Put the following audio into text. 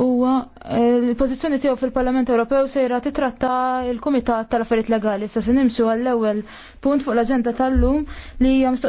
huwa eh, l-pożizzjoni tiegħu fil-Parlament Ewropew sejra titratta l-Kumitat tal-Affarijiet Legali sa se nimxu għall-ewwel punt fuq l-aġenda tal-lum li hija